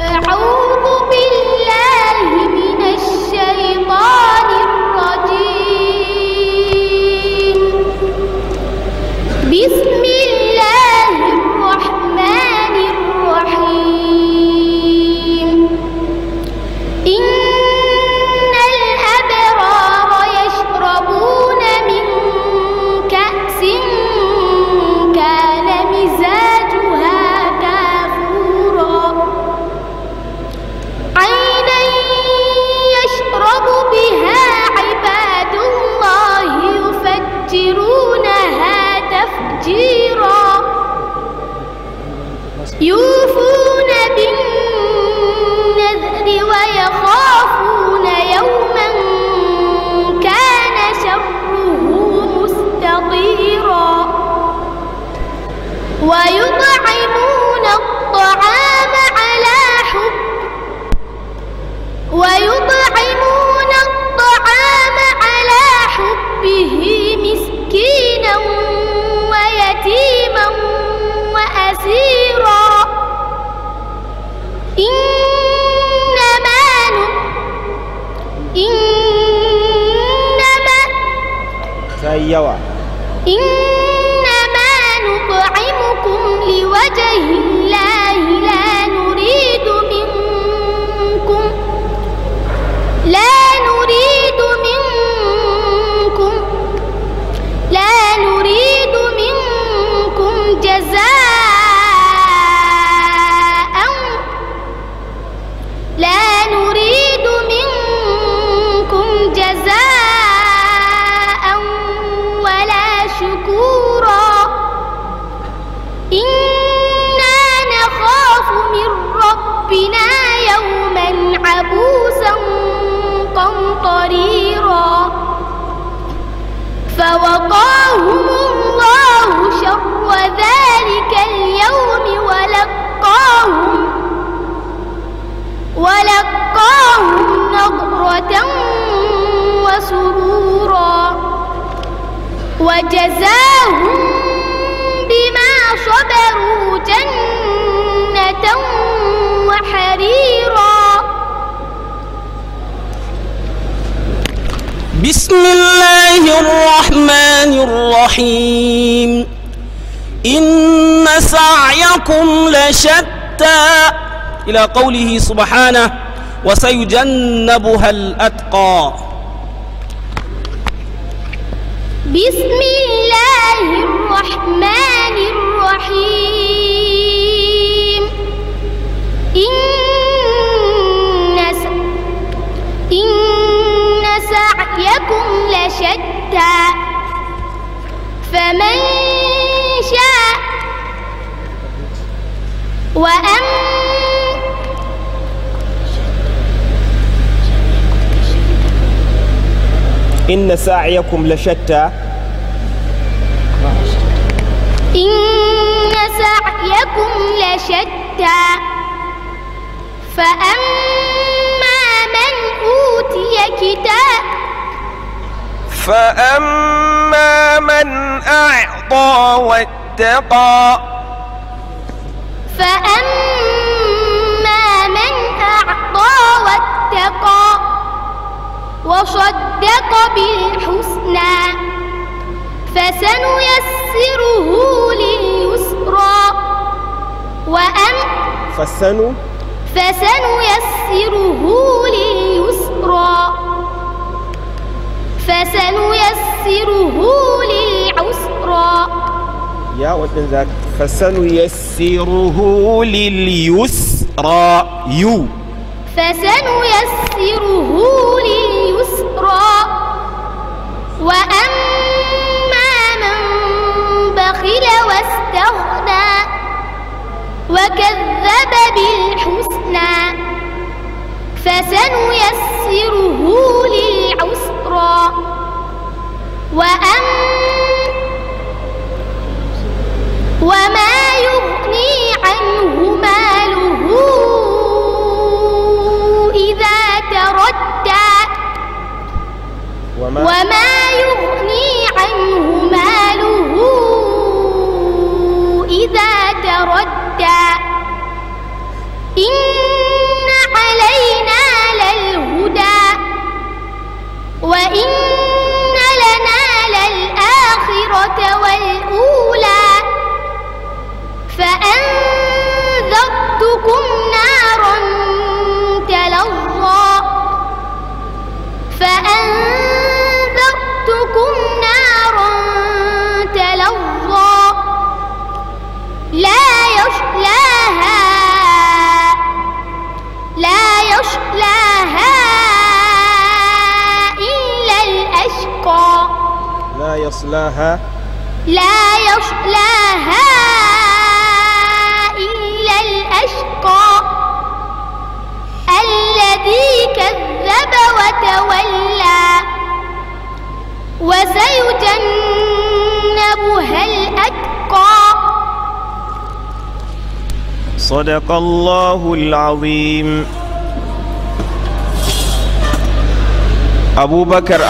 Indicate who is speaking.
Speaker 1: أعوذ بالله من الشيطان الرجيم بسم الله ويطعمون الطعام على حب ويطعمون الطعام على حبه مسكينا ويتيما وأسيرا إنما إنما إنما لله لا نريد منكم لا نريد منكم لا نريد منكم جزاء لا نريد منكم جزاء ولا شكور فوقاهم الله شر ذلك اليوم ولقاهم ولقاهم نضرة وسرورا وجزاهم بما صبروا جنة وحريرا بسم الله الرحمن الرحيم إن سعيكم لشتى إلى قوله سبحانه وسيجنبها الأتقى بسم الله الرحمن الرحيم إن إن سعيكم لشتى فمن شاء وأن إن سعيكم لشتى إن سعيكم لشتى فأما من أوتي كتاب فأما من أعطى واتقى فأما من أعطى واتقى وصدق بالحسنى فسنيسره لليسرى وأن فسنو فسنيسره لليسرى فسنيسره للعسرى يا وين ذاك فسنيسره لليسرى يو فسنيسره لليسرى وأما من بخل واستغنى وكذب بالحسنى فسنيسره ردا إن علينا للهدى وإن لنا للآخرة يصلاها إلا الأشقى لا يصلاها لا يصلاها إلا الأشقى الذي كذب وتولى وسيجنبها الأتقى صدق الله العظيم abubakar